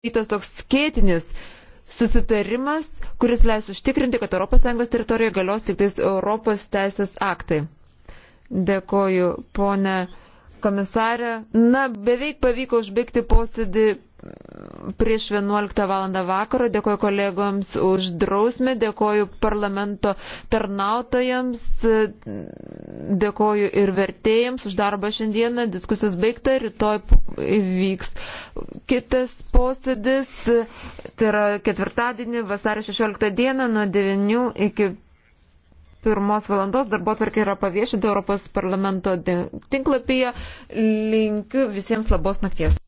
sudarytas toks skėtinis susitarimas, kuris leis užtikrinti, kad ES teritorijoje galios tik tais Europos teisės aktai. Dėkoju, ponė komisarė. Na, beveik pavyko užbaigti posėdį prieš 11 val. vakaro. Dėkoju kolegoms už drausmę, dėkoju parlamento tarnautojams, dėkoju ir vertėjams už darbą šiandieną. Diskusijos baigta, rytoj vyks. Kitas posėdis, tai yra ketvirtadienį, vasario 16 dieną nuo 9 iki 1 valandos darbo tvarkė yra paviešinta Europos parlamento tinklapyje. Linkiu visiems labos nakties.